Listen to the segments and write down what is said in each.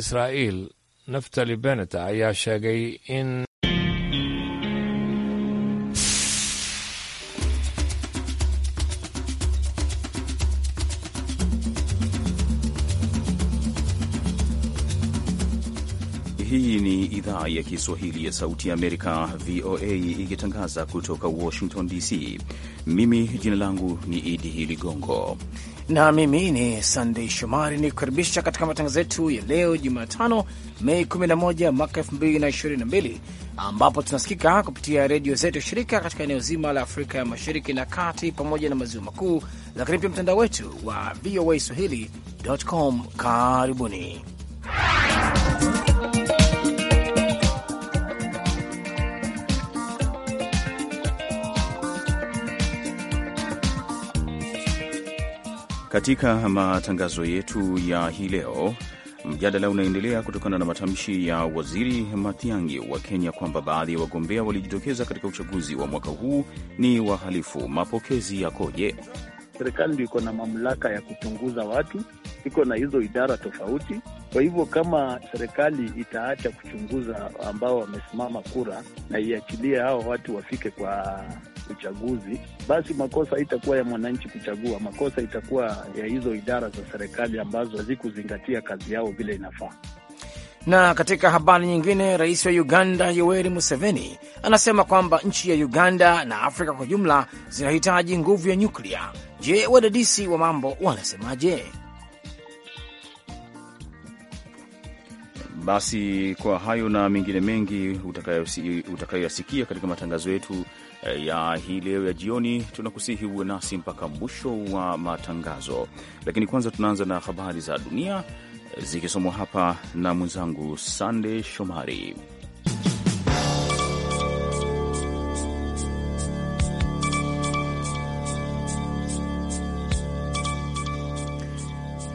israa'iil naftali beneta ayaa sheegay in idhaa ya Kiswahili ya Sauti ya Amerika, VOA, ikitangaza kutoka Washington DC. Mimi jina langu ni Idi Ligongo na mimi ni Sandei Shomari ni kukaribisha katika matangazo yetu ya leo Jumatano, Mei 11 mwaka 2022 ambapo tunasikika kupitia redio zetu shirika katika eneo zima la Afrika ya Mashariki na Kati pamoja na Maziwa Makuu, lakini pia mtandao wetu wa VOA Swahili.com. Karibuni Katika matangazo yetu ya hii leo, mjadala unaendelea kutokana na matamshi ya Waziri Matiang'i wa Kenya kwamba baadhi ya wagombea walijitokeza katika uchaguzi wa mwaka huu ni wahalifu. Mapokezi yakoje? Serikali ndio iko na mamlaka ya kuchunguza watu, iko na hizo idara tofauti. Kwa hivyo kama serikali itaacha kuchunguza ambao wamesimama kura na iachilie hao watu wafike kwa uchaguzi, basi makosa itakuwa ya mwananchi kuchagua, makosa itakuwa ya hizo idara za serikali ambazo hazikuzingatia kazi yao vile inafaa. Na katika habari nyingine, rais wa Uganda Yoweri Museveni anasema kwamba nchi ya Uganda na Afrika kwa jumla zinahitaji nguvu ya nyuklia. Je, wadadisi wa mambo wanasemaje? Basi kwa hayo na mengine mengi utakayoyasikia utakayo katika matangazo yetu ya hii leo ya jioni. Tunakusihi uwe nasi mpaka mwisho wa matangazo, lakini kwanza tunaanza na habari za dunia eh, zikisomwa hapa na mwenzangu Sande Shomari.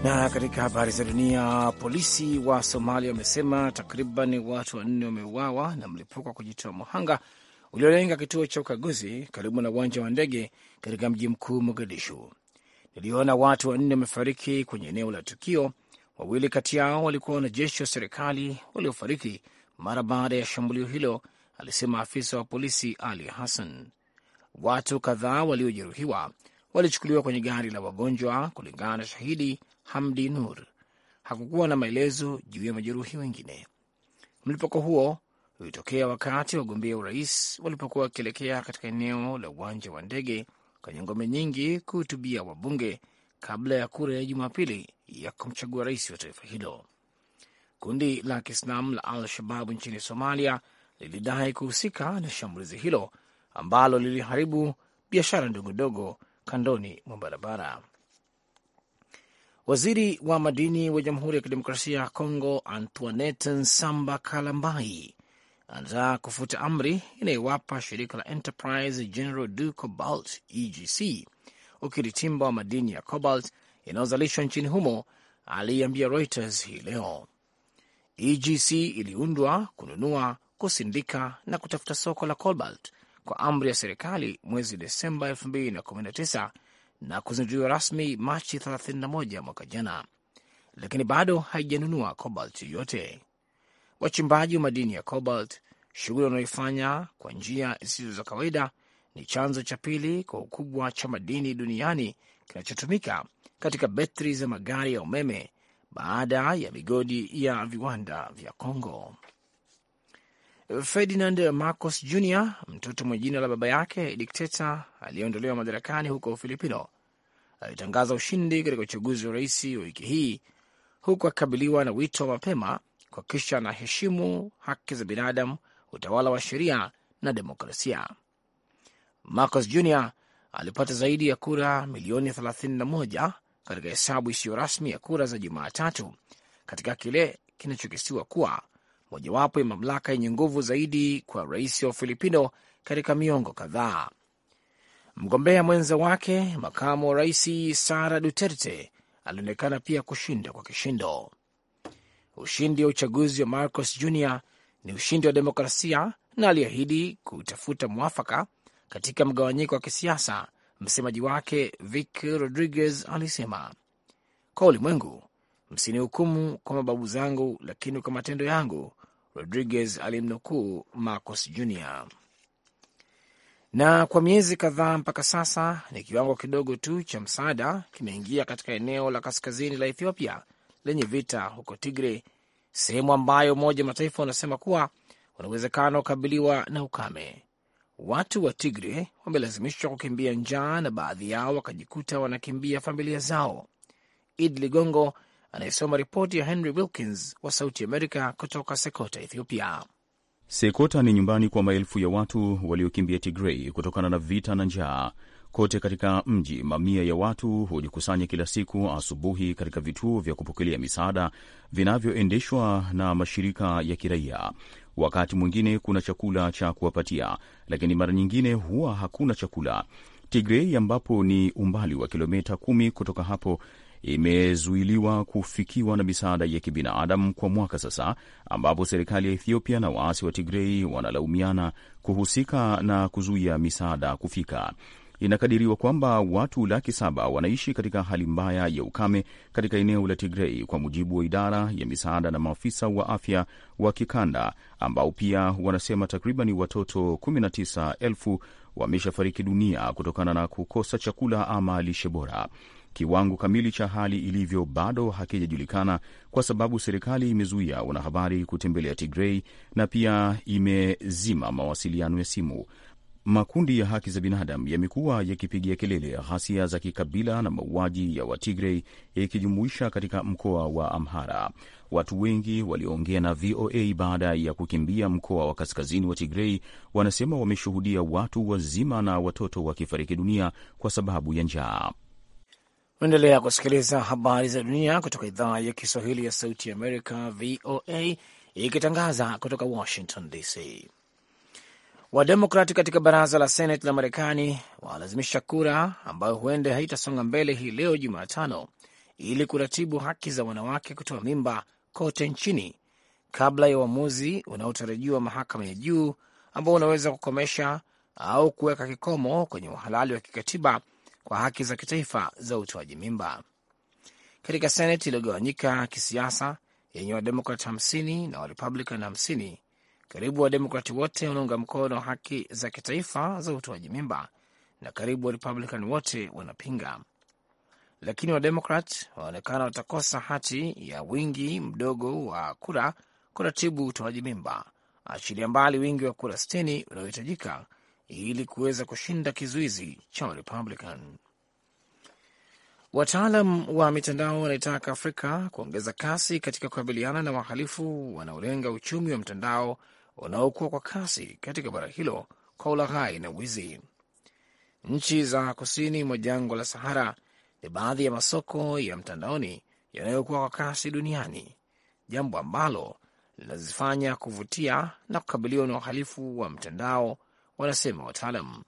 Na katika habari za dunia, polisi wa Somalia wamesema takriban watu wanne wameuawa na mlipuko wa kujitoa muhanga uliolenga kituo cha ukaguzi karibu na uwanja wa ndege katika mji mkuu Mogadishu. Niliona watu wanne wamefariki kwenye eneo la tukio. Wawili kati yao walikuwa wanajeshi wa serikali waliofariki mara baada ya shambulio hilo, alisema afisa wa polisi Ali Hassan. Watu kadhaa waliojeruhiwa walichukuliwa kwenye gari la wagonjwa, kulingana na shahidi Hamdi Nur. Hakukuwa na maelezo juu ya majeruhi wengine. Mlipuko huo ulitokea wakati wagombea urais walipokuwa wakielekea katika eneo la uwanja wa ndege kwenye ngome nyingi kuhutubia wabunge kabla ya kura ya Jumapili ya kumchagua rais wa taifa hilo. Kundi la Kiislam la Al Shababu nchini Somalia lilidai kuhusika na shambulizi hilo ambalo liliharibu biashara ndogo ndogo kandoni mwa barabara. Waziri wa madini wa Jamhuri ya Kidemokrasia ya Kongo Antoinette Nsamba Kalambai anataka kufuta amri inayowapa shirika la Enterprise General du Cobalt EGC ukiritimba wa madini ya cobalt yanayozalishwa nchini humo, aliyeambia Reuters hii leo. EGC iliundwa kununua, kusindika na kutafuta soko la cobalt kwa amri ya serikali mwezi Desemba 2019 na kuzinduliwa rasmi Machi 31 mwaka jana, lakini bado haijanunua cobalt yoyote wachimbaji wa madini ya cobalt, shughuli wanaoifanya kwa njia zisizo za kawaida. Ni chanzo cha pili kwa ukubwa cha madini duniani kinachotumika katika betri za magari ya umeme baada ya migodi ya viwanda vya congo Ferdinand Marcos Jr, mtoto mwenye jina la baba yake dikteta aliyeondolewa madarakani huko Ufilipino, alitangaza ushindi katika uchaguzi wa rais wa wiki hii, huku akikabiliwa na wito wa mapema kuhakikisha anaheshimu haki za binadamu, utawala wa sheria na demokrasia. Marcos Jr alipata zaidi ya kura milioni 31 katika hesabu isiyo rasmi ya kura za Jumatatu katika kile kinachokisiwa kuwa mojawapo ya mamlaka yenye nguvu zaidi kwa rais wa Filipino katika miongo kadhaa. Mgombea mwenza wake makamu wa rais Sara Duterte alionekana pia kushinda kwa kishindo ushindi wa uchaguzi wa Marcos Jr ni ushindi wa demokrasia na aliahidi kutafuta mwafaka katika mgawanyiko wa kisiasa. Msemaji wake Vic Rodriguez alisema, kwa ulimwengu msinihukumu kwa mababu zangu, lakini kwa matendo yangu. Rodriguez alimnukuu Marcos Jr. Na kwa miezi kadhaa mpaka sasa ni kiwango kidogo tu cha msaada kimeingia katika eneo la kaskazini la Ethiopia lenye vita huko Tigre, sehemu ambayo Umoja wa Mataifa unasema kuwa wana uwezekano wa kukabiliwa na ukame. Watu wa Tigre wamelazimishwa kukimbia njaa na baadhi yao wakajikuta wanakimbia familia zao. Id Ligongo anayesoma ripoti ya Henry Wilkins wa Sauti Amerika kutoka Sekota, Ethiopia. Sekota ni nyumbani kwa maelfu ya watu waliokimbia Tigrei kutokana na vita na njaa. Kote katika mji, mamia ya watu hujikusanya kila siku asubuhi katika vituo vya kupokelea misaada vinavyoendeshwa na mashirika ya kiraia. Wakati mwingine kuna chakula cha kuwapatia, lakini mara nyingine huwa hakuna chakula. Tigrei, ambapo ni umbali wa kilomita kumi kutoka hapo, imezuiliwa kufikiwa na misaada ya kibinadamu kwa mwaka sasa, ambapo serikali ya Ethiopia na waasi wa Tigrei wanalaumiana kuhusika na kuzuia misaada kufika. Inakadiriwa kwamba watu laki saba wanaishi katika hali mbaya ya ukame katika eneo la Tigrei, kwa mujibu wa idara ya misaada na maafisa wa afya wa kikanda, ambao pia wanasema takribani watoto 19,000 wameshafariki dunia kutokana na kukosa chakula ama lishe bora. Kiwango kamili cha hali ilivyo bado hakijajulikana kwa sababu serikali imezuia wanahabari kutembelea Tigrei na pia imezima mawasiliano ya simu. Makundi ya haki za binadamu yamekuwa yakipigia kelele ghasia za kikabila na mauaji ya Watigrei ikijumuisha katika mkoa wa Amhara. Watu wengi walioongea na VOA baada ya kukimbia mkoa wa kaskazini wa Tigrei wanasema wameshuhudia watu wazima na watoto wakifariki dunia kwa sababu ya njaa. Unaendelea kusikiliza habari za dunia kutoka idhaa ya Kiswahili ya Sauti ya Amerika, VOA, ikitangaza kutoka Washington DC wademokrat katika baraza la Senate la Marekani walazimisha kura ambayo huenda haitasonga mbele hii leo Jumatano ili kuratibu haki za wanawake kutoa mimba kote nchini kabla ya uamuzi unaotarajiwa mahakama ya juu ambao unaweza kukomesha au kuweka kikomo kwenye uhalali wa kikatiba kwa haki za kitaifa za utoaji mimba. Katika Seneti iliyogawanyika kisiasa yenye Wademokrat 50 na Warepublican karibu Wademokrati wote wanaunga mkono haki za kitaifa za utoaji mimba na karibu Warepublican wote wanapinga, lakini Wademokrat wanaonekana watakosa hati ya wingi mdogo wa kura kuratibu utoaji mimba, achilia mbali wingi wa kura sitini unaohitajika ili kuweza kushinda kizuizi cha Warepublican. Wataalam wa mitandao wanaitaka Afrika kuongeza kasi katika kukabiliana na wahalifu wanaolenga uchumi wa mtandao wanaokuwa kwa kasi katika bara hilo kwa ulaghai na wizi. Nchi za kusini mwa jangwa la Sahara ni baadhi ya masoko ya mtandaoni yanayokuwa kwa kasi duniani, jambo ambalo linazifanya kuvutia na kukabiliwa na uhalifu wa mtandao, wanasema wataalam.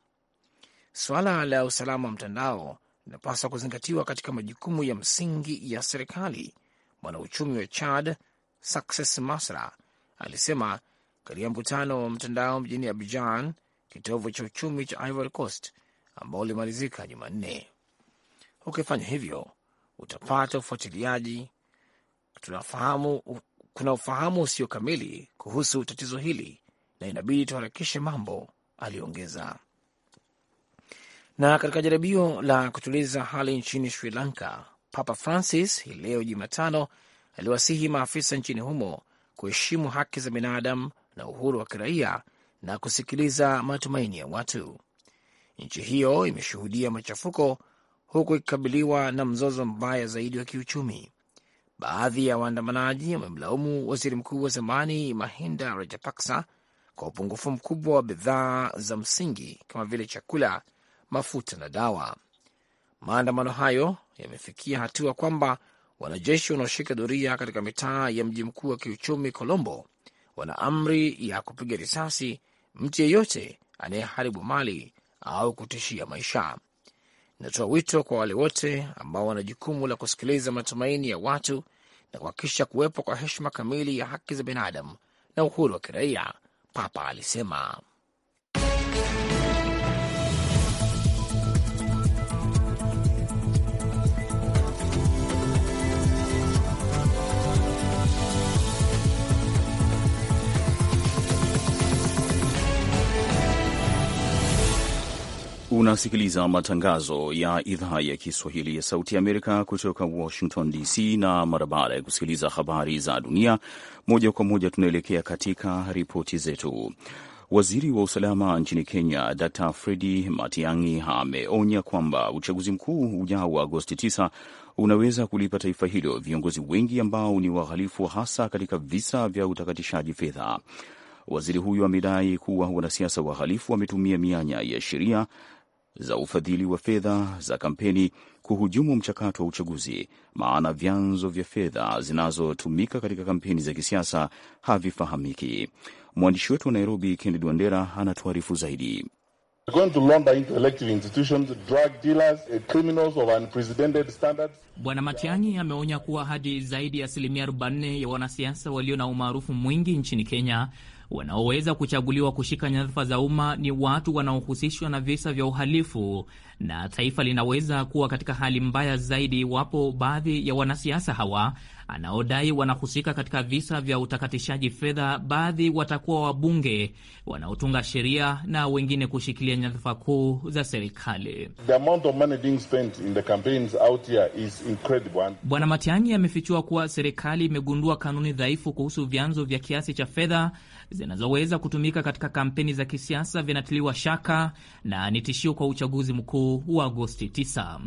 Suala la usalama wa mtandao linapaswa kuzingatiwa katika majukumu ya msingi ya serikali, mwanauchumi wa Chad Success Masra alisema katika mkutano wa mtandao mjini Abidjan, kitovu cha uchumi cha Ivory Coast, ambao ulimalizika Jumanne. Ukifanya hivyo utapata ufuatiliaji. Tunafahamu, kuna ufahamu usio kamili kuhusu tatizo hili na inabidi tuharakishe mambo, aliongeza. Na katika jaribio la kutuliza hali nchini Sri Lanka, Papa Francis hii leo Jumatano aliwasihi maafisa nchini humo kuheshimu haki za binadamu na uhuru wa kiraia na kusikiliza matumaini ya watu. Nchi hiyo imeshuhudia machafuko huku ikikabiliwa na mzozo mbaya zaidi wa kiuchumi. Baadhi ya waandamanaji wamemlaumu waziri mkuu wa zamani Mahinda Rajapaksa kwa upungufu mkubwa wa bidhaa za msingi kama vile chakula, mafuta na dawa. Maandamano hayo yamefikia hatua kwamba wanajeshi wanaoshika doria katika mitaa ya mji mkuu wa kiuchumi Colombo wana amri ya kupiga risasi mtu yeyote anayeharibu mali au kutishia maisha. Inatoa wito kwa wale wote ambao wana jukumu la kusikiliza matumaini ya watu na kuhakikisha kuwepo kwa heshima kamili ya haki za binadamu na uhuru wa kiraia, Papa alisema. Unasikiliza matangazo ya idhaa ya Kiswahili ya Sauti ya Amerika kutoka Washington DC, na mara baada ya kusikiliza habari za dunia moja kwa moja, tunaelekea katika ripoti zetu. Waziri wa usalama nchini Kenya Dr Fredi Matiang'i ameonya kwamba uchaguzi mkuu ujao wa Agosti 9 unaweza kulipa taifa hilo viongozi wengi ambao ni wahalifu, hasa katika visa vya utakatishaji fedha. Waziri huyo amedai kuwa wanasiasa wahalifu wametumia mianya ya sheria za ufadhili wa fedha za kampeni kuhujumu mchakato wa uchaguzi, maana vyanzo vya fedha zinazotumika katika kampeni za kisiasa havifahamiki. Mwandishi wetu wa Nairobi, Kennedy Wandera, anatuarifu zaidi. Eh, Bwana Matiang'i ameonya kuwa hadi zaidi ya asilimia 40 ya wanasiasa walio na umaarufu mwingi nchini Kenya wanaoweza kuchaguliwa kushika nyadhifa za umma ni watu wanaohusishwa na visa vya uhalifu, na taifa linaweza kuwa katika hali mbaya zaidi iwapo baadhi ya wanasiasa hawa anaodai wanahusika katika visa vya utakatishaji fedha, baadhi watakuwa wabunge wanaotunga sheria na wengine kushikilia nyadhifa kuu za serikali. Bwana Matiang'i amefichua kuwa serikali imegundua kanuni dhaifu kuhusu vyanzo vya kiasi cha fedha zinazoweza kutumika katika kampeni za kisiasa vinatiliwa shaka na ni tishio kwa uchaguzi mkuu wa Agosti 9.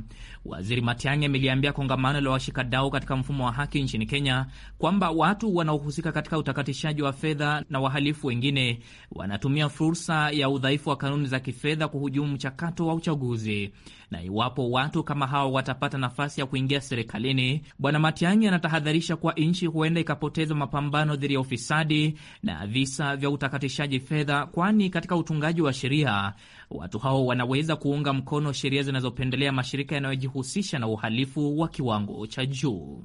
Waziri Matiang'i ameliambia kongamano la washikadau katika mfumo wa haki nchini Kenya kwamba watu wanaohusika katika utakatishaji wa fedha na wahalifu wengine wanatumia fursa ya udhaifu wa kanuni za kifedha kuhujumu mchakato wa uchaguzi. Na iwapo watu kama hao watapata nafasi ya kuingia serikalini, Bwana Matiang'i anatahadharisha kuwa nchi huenda ikapoteza mapambano dhidi ya ufisadi na visa vya utakatishaji fedha, kwani katika utungaji wa sheria watu hao wanaweza kuunga mkono sheria zinazopendelea mashirika yanayojihusisha na uhalifu wa kiwango cha juu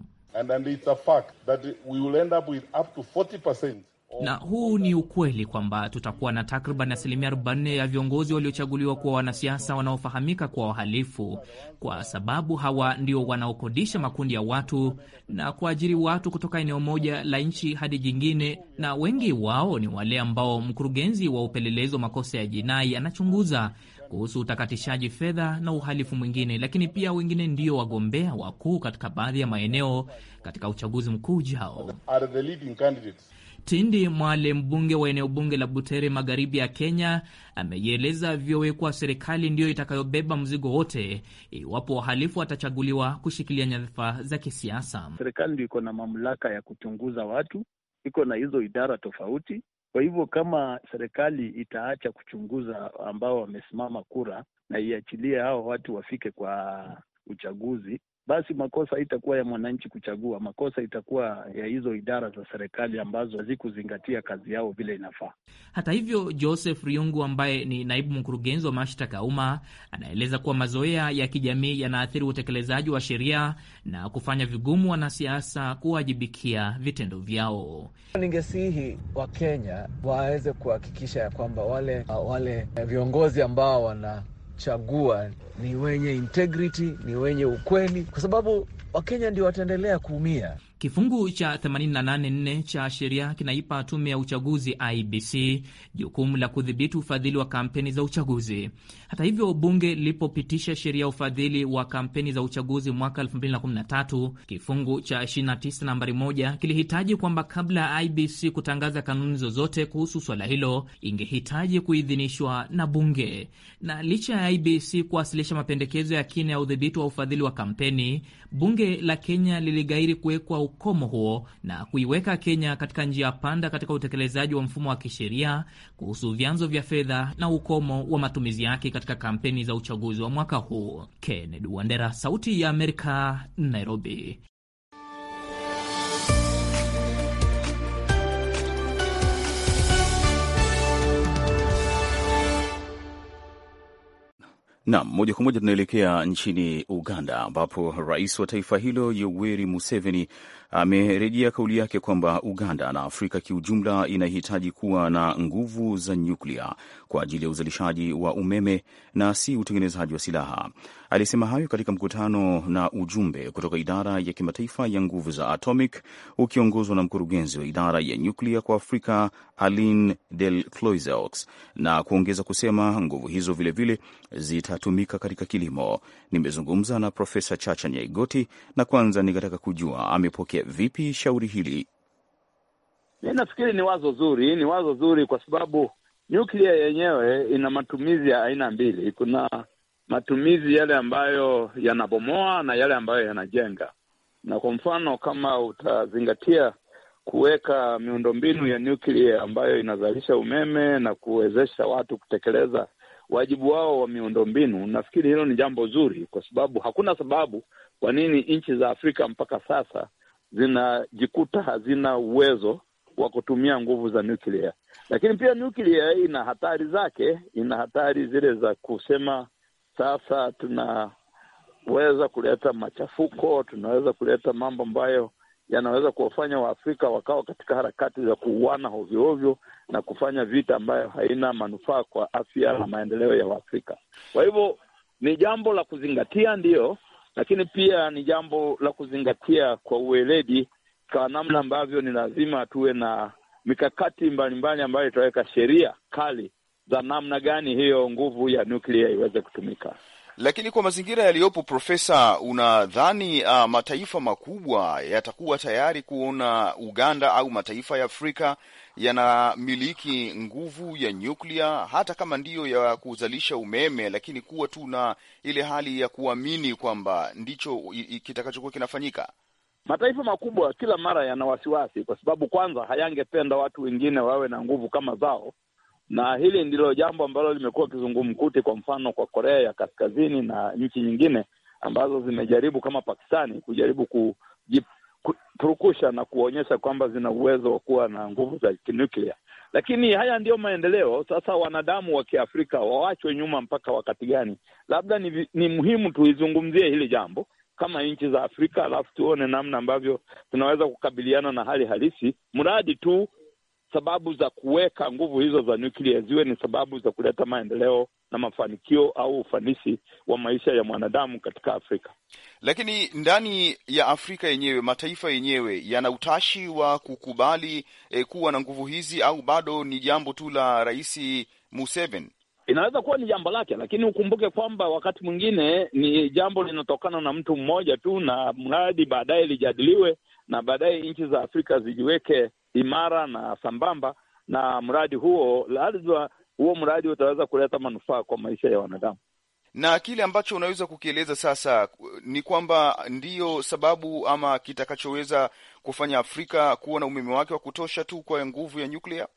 na huu ni ukweli kwamba tutakuwa na takriban asilimia 40 ya viongozi waliochaguliwa kuwa wanasiasa wanaofahamika kwa wahalifu, kwa sababu hawa ndio wanaokodisha makundi ya watu na kuajiri watu kutoka eneo moja la nchi hadi jingine, na wengi wao ni wale ambao mkurugenzi wa upelelezi wa makosa ya jinai anachunguza kuhusu utakatishaji fedha na uhalifu mwingine, lakini pia wengine ndio wagombea wakuu katika baadhi ya maeneo katika uchaguzi mkuu ujao. Tindi Mwale, mbunge wa eneo bunge la Butere, magharibi ya Kenya, ameieleza vyowekwa kuwa serikali ndiyo itakayobeba mzigo wote iwapo wahalifu watachaguliwa kushikilia nyadhifa za kisiasa. Serikali ndio iko na mamlaka ya kuchunguza watu, iko na hizo idara tofauti kwa hivyo kama serikali itaacha kuchunguza ambao wamesimama kura na iachilie hao watu wafike kwa uchaguzi, basi makosa itakuwa ya mwananchi kuchagua, makosa itakuwa ya hizo idara za serikali ambazo hazikuzingatia kazi yao vile inafaa. Hata hivyo, Joseph Riungu ambaye ni naibu mkurugenzi wa mashtaka ya umma anaeleza kuwa mazoea ya kijamii yanaathiri utekelezaji wa sheria na kufanya vigumu wanasiasa kuwajibikia vitendo vyao. Ningesihi Wakenya waweze kuhakikisha ya kwamba wale, wale viongozi ambao wana chagua ni wenye integrity, ni wenye ukweli, kwa sababu Wakenya ndio wataendelea kuumia. Kifungu cha 884 cha sheria kinaipa tume ya uchaguzi IBC jukumu la kudhibiti ufadhili wa kampeni za uchaguzi. Hata hivyo, bunge lilipopitisha sheria ya ufadhili wa kampeni za uchaguzi mwaka 2013 kifungu cha 29 nambari 1 kilihitaji kwamba kabla ya IBC kutangaza kanuni zozote kuhusu swala hilo ingehitaji kuidhinishwa na bunge. Na licha ya IBC kuwasilisha mapendekezo ya kina ya udhibiti wa ufadhili wa kampeni, bunge la Kenya liligairi kuwekwa ukomo huo na kuiweka Kenya katika njia panda katika utekelezaji wa mfumo wa kisheria kuhusu vyanzo vya fedha na ukomo wa matumizi yake katika kampeni za uchaguzi wa mwaka huu. Kennedy Wandera, Sauti ya Amerika, Nairobi. Nam, moja kwa moja tunaelekea nchini Uganda ambapo rais wa taifa hilo Yoweri Museveni amerejea kauli yake kwamba Uganda na Afrika kiujumla inahitaji kuwa na nguvu za nyuklia kwa ajili ya uzalishaji wa umeme na si utengenezaji wa silaha. Alisema hayo katika mkutano na ujumbe kutoka idara ya kimataifa ya nguvu za atomic ukiongozwa na mkurugenzi wa idara ya nyuklia kwa Afrika Aline Del Cloizeaux, na kuongeza kusema nguvu hizo vilevile zitatumika katika kilimo. Nimezungumza na Profesa Chacha Nyaigoti na kwanza nikataka kujua amepokea vipi shauri hili. mi Nafikiri ni wazo zuri, ni wazo zuri kwa sababu nyuklia yenyewe ina matumizi ya aina mbili. Kuna matumizi yale ambayo yanabomoa na yale ambayo yanajenga. Na kwa mfano, kama utazingatia kuweka miundombinu ya nyuklia ambayo inazalisha umeme na kuwezesha watu kutekeleza wajibu wao wa miundombinu, nafikiri hilo ni jambo zuri, kwa sababu hakuna sababu kwa nini nchi za Afrika mpaka sasa zinajikuta hazina uwezo wa kutumia nguvu za nyuklia. Lakini pia nyuklia ina hatari zake, ina hatari zile za kusema sasa tunaweza kuleta machafuko, tunaweza kuleta mambo ambayo yanaweza kuwafanya Waafrika wakawa katika harakati za kuuana hovyohovyo na kufanya vita ambayo haina manufaa kwa afya na maendeleo ya Waafrika. Kwa hivyo ni jambo la kuzingatia, ndiyo, lakini pia ni jambo la kuzingatia kwa uweledi, kwa namna ambavyo ni lazima tuwe na mikakati mbalimbali ambayo itaweka sheria kali za namna gani hiyo nguvu ya nuklia iweze kutumika. Lakini kwa mazingira yaliyopo, Profesa, unadhani uh, mataifa makubwa yatakuwa tayari kuona Uganda au mataifa ya Afrika yanamiliki nguvu ya nyuklia, hata kama ndiyo ya kuzalisha umeme, lakini kuwa tu na ile hali ya kuamini kwamba ndicho kitakachokuwa kinafanyika? Mataifa makubwa kila mara yana wasiwasi, kwa sababu kwanza hayangependa watu wengine wawe na nguvu kama zao, na hili ndilo jambo ambalo limekuwa kizungumkuti, kwa mfano kwa Korea ya Kaskazini na nchi nyingine ambazo zimejaribu kama Pakistani kujaribu kujipurukusha na kuonyesha kwamba zina uwezo wa kuwa na nguvu za kinuklia. Lakini haya ndiyo maendeleo. Sasa wanadamu wa Kiafrika wawachwe nyuma mpaka wakati gani? Labda ni, ni muhimu tuizungumzie hili jambo kama nchi za Afrika, alafu tuone namna ambavyo tunaweza kukabiliana na hali halisi, mradi tu sababu za kuweka nguvu hizo za nyuklia ziwe ni sababu za kuleta maendeleo na mafanikio au ufanisi wa maisha ya mwanadamu katika Afrika. Lakini ndani ya Afrika yenyewe, mataifa yenyewe yana utashi wa kukubali eh, kuwa na nguvu hizi au bado ni jambo tu la Rais Museveni? Inaweza kuwa ni jambo lake, lakini ukumbuke kwamba wakati mwingine ni jambo linatokana na mtu mmoja tu, na mradi baadaye lijadiliwe na baadaye nchi za Afrika zijiweke imara na sambamba, na mradi huo lazima huo mradi utaweza kuleta manufaa kwa maisha ya wanadamu na kile ambacho unaweza kukieleza sasa ni kwamba ndiyo sababu ama kitakachoweza kufanya Afrika kuwa na umeme wake wa kutosha tu kwa nguvu ya nyuklia.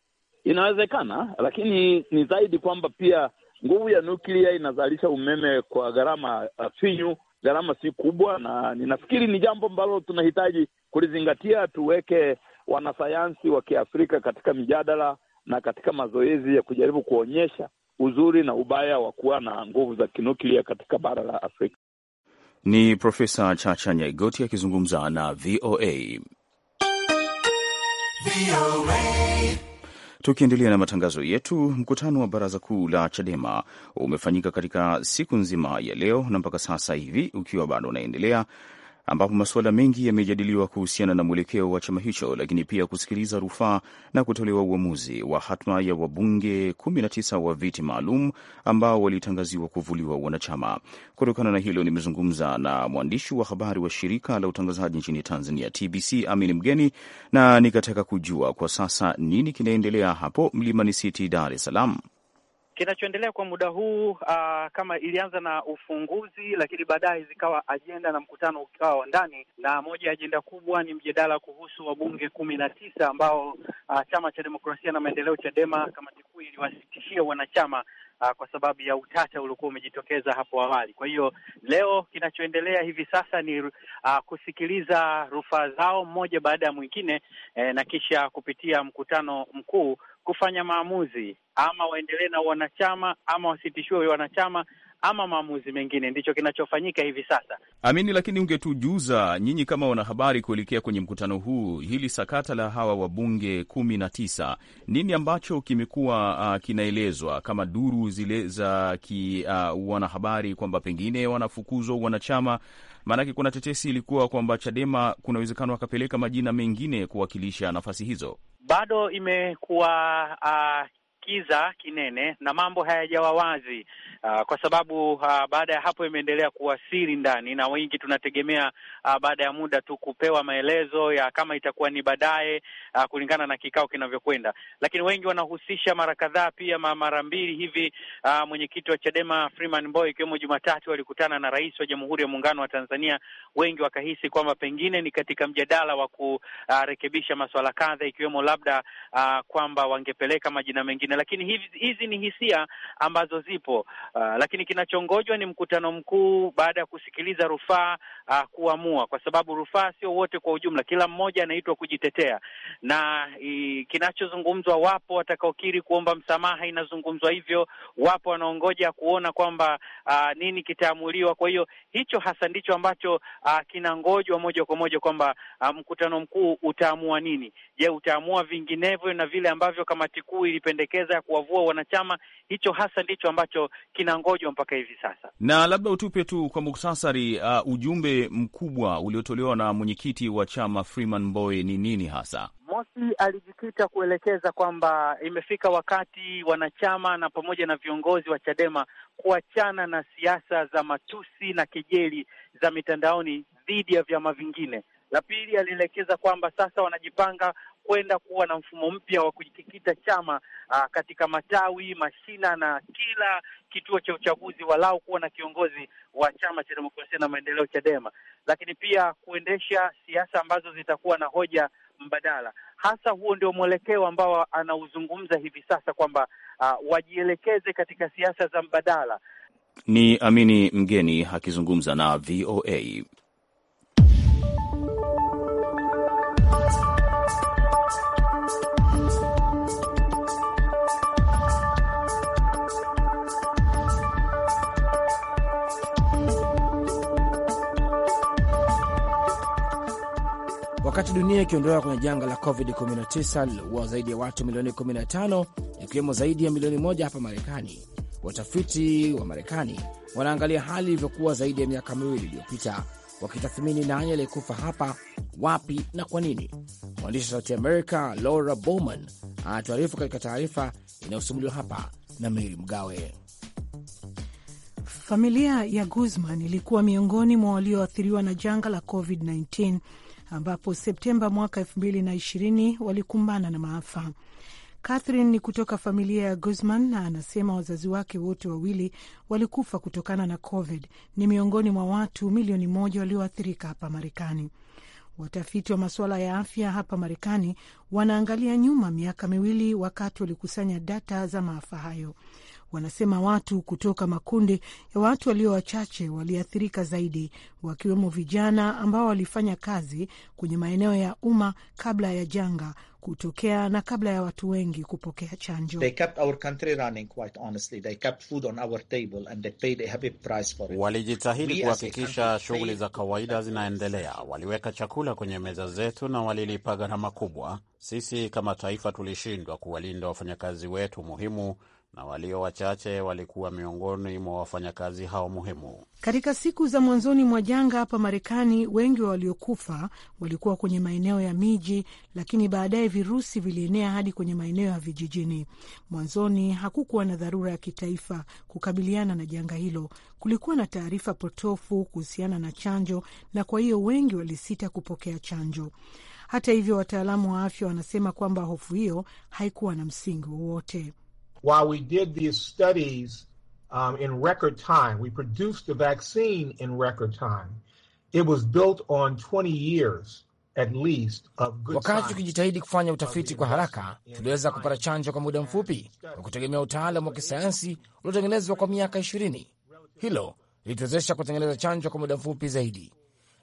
Inawezekana, lakini ni zaidi kwamba pia nguvu ya nyuklia inazalisha umeme kwa gharama finyu, gharama si kubwa, na ninafikiri ni jambo ambalo tunahitaji kulizingatia, tuweke wanasayansi wa Kiafrika katika mijadala na katika mazoezi ya kujaribu kuonyesha uzuri na ubaya wa kuwa na nguvu za kinuklia katika bara la Afrika. Ni Profesa Chacha Nyaigoti akizungumza na VOA. VOA. Tukiendelea na matangazo yetu, mkutano wa baraza kuu la Chadema umefanyika katika siku nzima ya leo na mpaka sasa hivi ukiwa bado unaendelea, ambapo masuala mengi yamejadiliwa kuhusiana na mwelekeo wa chama hicho, lakini pia kusikiliza rufaa na kutolewa uamuzi wa hatma ya wabunge 19 wa viti maalum ambao walitangaziwa kuvuliwa wanachama. Kutokana na hilo, nimezungumza na mwandishi wa habari wa shirika la utangazaji nchini Tanzania TBC, Amin Mgeni, na nikataka kujua kwa sasa nini kinaendelea hapo Mlimani City, Dar es Salaam. Kinachoendelea kwa muda huu uh, kama ilianza na ufunguzi, lakini baadaye zikawa ajenda na mkutano ukawa wa ndani, na moja ya ajenda kubwa ni mjadala kuhusu wabunge kumi na tisa ambao uh, chama cha demokrasia na maendeleo Chadema, kamati kuu iliwasitishia wanachama uh, kwa sababu ya utata uliokuwa umejitokeza hapo awali. Kwa hiyo leo kinachoendelea hivi sasa ni uh, kusikiliza rufaa zao mmoja baada ya mwingine eh, na kisha kupitia mkutano mkuu kufanya maamuzi, ama waendelee na wanachama ama wasitishiwe wanachama ama maamuzi mengine, ndicho kinachofanyika hivi sasa. Amini, lakini ungetujuza nyinyi kama wanahabari, kuelekea kwenye mkutano huu, hili sakata la hawa wabunge kumi na tisa, nini ambacho kimekuwa uh, kinaelezwa kama duru zile za ki uh, wanahabari kwamba pengine wanafukuzwa wanachama? Maanake kuna tetesi ilikuwa kwamba Chadema kuna uwezekano wakapeleka majina mengine kuwakilisha nafasi hizo bado imekuwa uh, kiza kinene na mambo hayajawa wazi, uh, kwa sababu uh, baada ya hapo imeendelea kuwa siri ndani, na wengi tunategemea uh, baada ya muda tu kupewa maelezo ya kama itakuwa ni baadaye, uh, kulingana na kikao kinavyokwenda. Lakini wengi wanahusisha mara kadhaa pia mara mbili hivi, uh, mwenyekiti wa Chadema Freeman Boy ikiwemo Jumatatu walikutana na rais wa Jamhuri ya Muungano wa Tanzania, wengi wakahisi kwamba pengine ni katika mjadala wa kurekebisha masuala kadha, ikiwemo labda uh, kwamba wangepeleka majina mengine mwingine, lakini hizi, hizi ni hisia ambazo zipo uh, lakini kinachongojwa ni mkutano mkuu baada ya kusikiliza rufaa uh, kuamua, kwa sababu rufaa sio wote kwa ujumla, kila mmoja anaitwa kujitetea na i, kinachozungumzwa, wapo watakaokiri kuomba msamaha, inazungumzwa hivyo, wapo wanaongoja kuona kwamba uh, nini kitaamuliwa. Kwa hiyo hicho hasa ndicho ambacho uh, kinangojwa moja kwa moja kwamba uh, mkutano mkuu utaamua nini. Je, utaamua vinginevyo na vile ambavyo kamati kuu ilipendekeza Uingereza kuwavua wanachama. Hicho hasa ndicho ambacho kinangojwa mpaka hivi sasa. Na labda utupe tu kwa muktasari uh, ujumbe mkubwa uliotolewa na mwenyekiti wa chama Freeman Mbowe ni nini hasa? Mosi alijikita kuelekeza kwamba imefika wakati wanachama na pamoja na viongozi wa Chadema kuachana na siasa za matusi na kejeli za mitandaoni dhidi ya vyama vingine. La pili, alielekeza kwamba sasa wanajipanga kwenda kuwa na mfumo mpya wa kujikikita chama aa, ah, katika matawi, mashina na kila kituo cha uchaguzi, walau kuwa na kiongozi wa chama cha demokrasia na maendeleo Chadema, lakini pia kuendesha siasa ambazo zitakuwa na hoja mbadala. Hasa huo ndio mwelekeo ambao anauzungumza hivi sasa kwamba ah, wajielekeze katika siasa za mbadala. Ni Amini Mgeni akizungumza na VOA. Wakati dunia ikiondolewa kwenye janga la COVID-19 lililoua zaidi ya watu milioni 15 ikiwemo zaidi ya milioni moja hapa Marekani, watafiti wa Marekani wanaangalia hali ilivyokuwa zaidi ya miaka miwili iliyopita, wakitathmini nani aliyekufa hapa, wapi na kwa nini. Mwandishi wa Sauti america Laura Bowman anatuarifu katika taarifa inayosumuliwa hapa na Meri Mgawe. Familia ya Guzman ilikuwa miongoni mwa walioathiriwa na janga la COVID-19 ambapo Septemba mwaka elfu mbili na ishirini walikumbana na maafa. Catherine ni kutoka familia ya Guzman na anasema wazazi wake wote wawili walikufa kutokana na COVID. Ni miongoni mwa watu milioni moja walioathirika hapa Marekani. Watafiti wa masuala ya afya hapa Marekani wanaangalia nyuma miaka miwili wakati walikusanya data za maafa hayo. Wanasema watu kutoka makundi ya watu walio wachache waliathirika zaidi, wakiwemo vijana ambao walifanya kazi kwenye maeneo ya umma kabla ya janga kutokea na kabla ya watu wengi kupokea chanjo. Walijitahidi kuhakikisha shughuli za kawaida zinaendelea. Waliweka chakula kwenye meza zetu na walilipa gharama kubwa. Sisi kama taifa tulishindwa kuwalinda wafanyakazi wetu muhimu na walio wachache walikuwa miongoni mwa wafanyakazi hao muhimu. Katika siku za mwanzoni mwa janga hapa Marekani, wengi wa waliokufa walikuwa kwenye maeneo ya miji, lakini baadaye virusi vilienea hadi kwenye maeneo ya vijijini. Mwanzoni hakukuwa na dharura ya kitaifa kukabiliana na janga hilo. Kulikuwa na taarifa potofu kuhusiana na chanjo, na kwa hiyo wengi walisita kupokea chanjo. Hata hivyo, wataalamu wa afya wanasema kwamba hofu hiyo haikuwa na msingi wowote. while we did these studies um, in record time, we produced the vaccine in record time. It was built on 20 years at least of good. Wakati tukijitahidi kufanya utafiti kwa haraka, tuliweza kupata chanjo kwa muda mfupi kwa kutegemea utaalamu wa kisayansi uliotengenezwa kwa miaka 20. Hilo lilituwezesha kutengeneza chanjo kwa muda mfupi zaidi,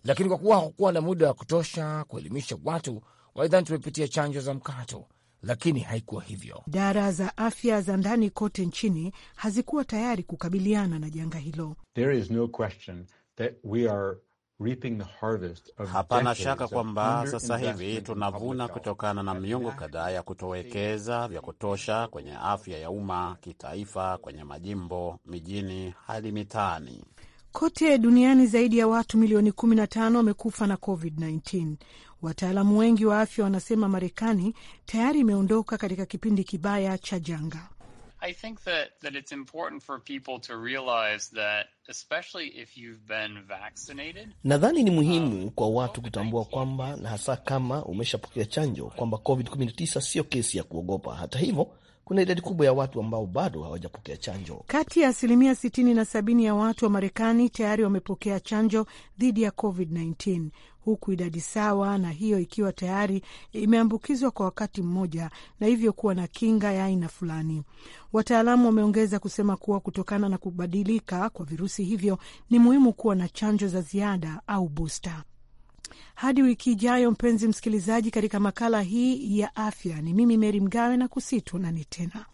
lakini kwa kuwa hakukuwa na muda wa kutosha kuelimisha watu, walidhani tumepitia chanjo za mkato lakini haikuwa hivyo. Idara za afya za ndani kote nchini hazikuwa tayari kukabiliana na janga hilo. There is no question that we are Hapana shaka kwamba sasa hivi tunavuna kutokana na miongo kadhaa ya kutowekeza vya kutosha kwenye afya ya umma kitaifa, kwenye majimbo, mijini hadi mitaani. Kote duniani zaidi ya watu milioni 15 wamekufa na COVID-19. Wataalamu wengi wa afya wanasema Marekani tayari imeondoka katika kipindi kibaya cha janga. Nadhani ni muhimu um, kwa watu kutambua kwamba, na hasa kama umeshapokea chanjo, kwamba COVID-19 siyo kesi ya kuogopa. Hata hivyo kuna idadi kubwa ya watu ambao bado hawajapokea chanjo. Kati ya asilimia 60 na 70 ya watu wa Marekani tayari wamepokea chanjo dhidi ya COVID-19 huku idadi sawa na hiyo ikiwa tayari imeambukizwa kwa wakati mmoja na hivyo kuwa na kinga ya aina fulani. Wataalamu wameongeza kusema kuwa kutokana na kubadilika kwa virusi hivyo, ni muhimu kuwa na chanjo za ziada au booster. Hadi wiki ijayo, mpenzi msikilizaji, katika makala hii ya afya, ni mimi Meri Mgawe na kusitu nani tena.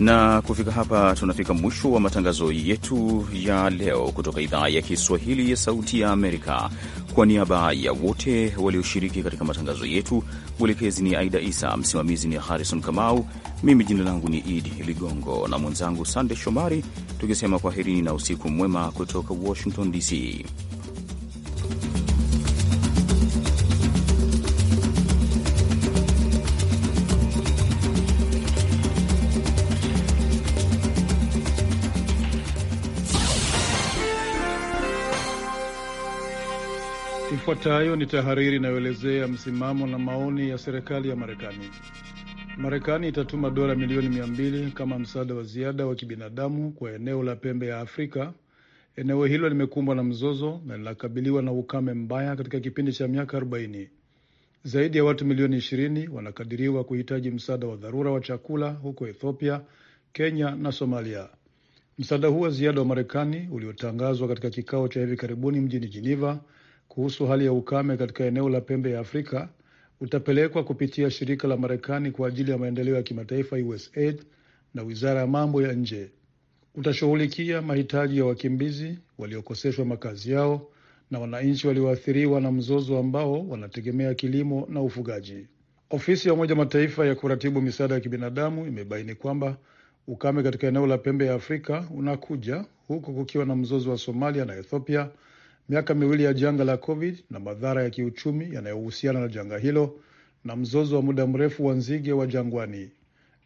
Na kufika hapa, tunafika mwisho wa matangazo yetu ya leo kutoka idhaa ya Kiswahili ya Sauti ya Amerika. Kwa niaba ya wote walioshiriki katika matangazo yetu, mwelekezi ni Aida Isa, msimamizi ni Harrison Kamau, mimi jina langu ni Idi Ligongo na mwenzangu Sande Shomari, tukisema kwaherini na usiku mwema kutoka Washington DC. Ifuatayo ni tahariri inayoelezea msimamo na maoni ya serikali ya Marekani. Marekani itatuma dola milioni mia mbili kama msaada wa ziada wa kibinadamu kwa eneo la pembe ya Afrika. Eneo hilo limekumbwa na mzozo na linakabiliwa na ukame mbaya katika kipindi cha miaka 40. Zaidi ya watu milioni 20 wanakadiriwa kuhitaji msaada wa dharura wa chakula huko Ethiopia, Kenya na Somalia. Msaada huu wa ziada wa Marekani uliotangazwa katika kikao cha hivi karibuni mjini Geneva kuhusu hali ya ukame katika eneo la pembe ya Afrika utapelekwa kupitia shirika la Marekani kwa ajili ya maendeleo ya kimataifa USAID na wizara ya mambo ya nje. Utashughulikia mahitaji ya wakimbizi waliokoseshwa makazi yao na wananchi walioathiriwa na mzozo ambao wanategemea kilimo na ufugaji. Ofisi ya Umoja Mataifa ya kuratibu misaada ya kibinadamu imebaini kwamba ukame katika eneo la pembe ya Afrika unakuja huku kukiwa na mzozo wa Somalia na Ethiopia miaka miwili ya janga la COVID na madhara ya kiuchumi yanayohusiana na janga hilo na mzozo wa muda mrefu wa nzige wa jangwani.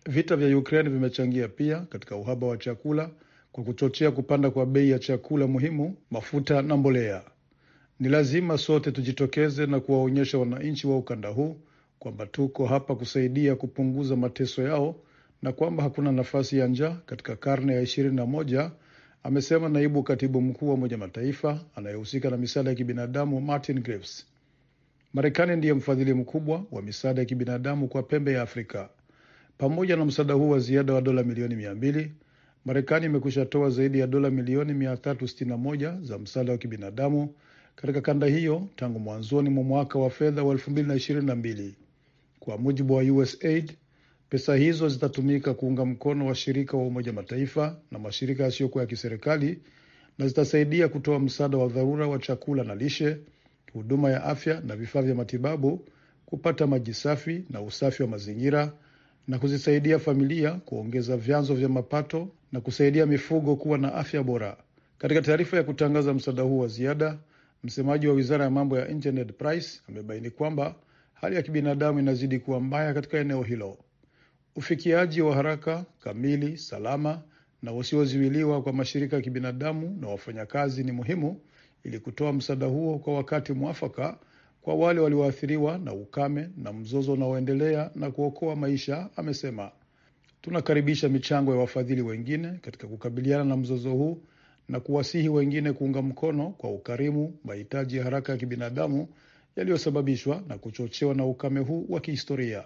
Vita vya Ukraine vimechangia pia katika uhaba wa chakula kwa kuchochea kupanda kwa bei ya chakula muhimu, mafuta na mbolea. Ni lazima sote tujitokeze na kuwaonyesha wananchi wa ukanda huu kwamba tuko hapa kusaidia kupunguza mateso yao na kwamba hakuna nafasi ya njaa katika karne ya ishirini na moja amesema naibu katibu mkuu wa Umoja Mataifa anayehusika na misaada ya kibinadamu Martin Griffiths. Marekani ndiye mfadhili mkubwa wa misaada ya kibinadamu kwa pembe ya Afrika. Pamoja na msaada huu wa ziada wa dola milioni mia mbili, Marekani imekwisha toa zaidi ya dola milioni mia moja za msaada wa kibinadamu katika kanda hiyo tangu mwanzoni mwa mwaka wa fedha wa mbili kwa mujibu wa USAID. Pesa hizo zitatumika kuunga mkono washirika wa Umoja Mataifa na mashirika yasiyokuwa ya kiserikali na zitasaidia kutoa msaada wa dharura wa chakula na lishe, huduma ya afya na vifaa vya matibabu, kupata maji safi na usafi wa mazingira, na kuzisaidia familia kuongeza vyanzo vya mapato na kusaidia mifugo kuwa na afya bora. Katika taarifa ya kutangaza msaada huu wa ziada, msemaji wa wizara ya mambo ya nje Ned Price amebaini kwamba hali ya kibinadamu inazidi kuwa mbaya katika eneo hilo ufikiaji wa haraka, kamili, salama na usiozuiliwa kwa mashirika ya kibinadamu na wafanyakazi ni muhimu ili kutoa msaada huo kwa wakati mwafaka kwa wale walioathiriwa na ukame na mzozo unaoendelea na kuokoa maisha, amesema. Tunakaribisha michango ya wafadhili wengine katika kukabiliana na mzozo huu na kuwasihi wengine kuunga mkono kwa ukarimu mahitaji ya haraka ya kibinadamu yaliyosababishwa na kuchochewa na ukame huu wa kihistoria.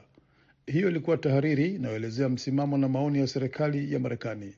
Hiyo ilikuwa tahariri inayoelezea msimamo na maoni ya serikali ya Marekani.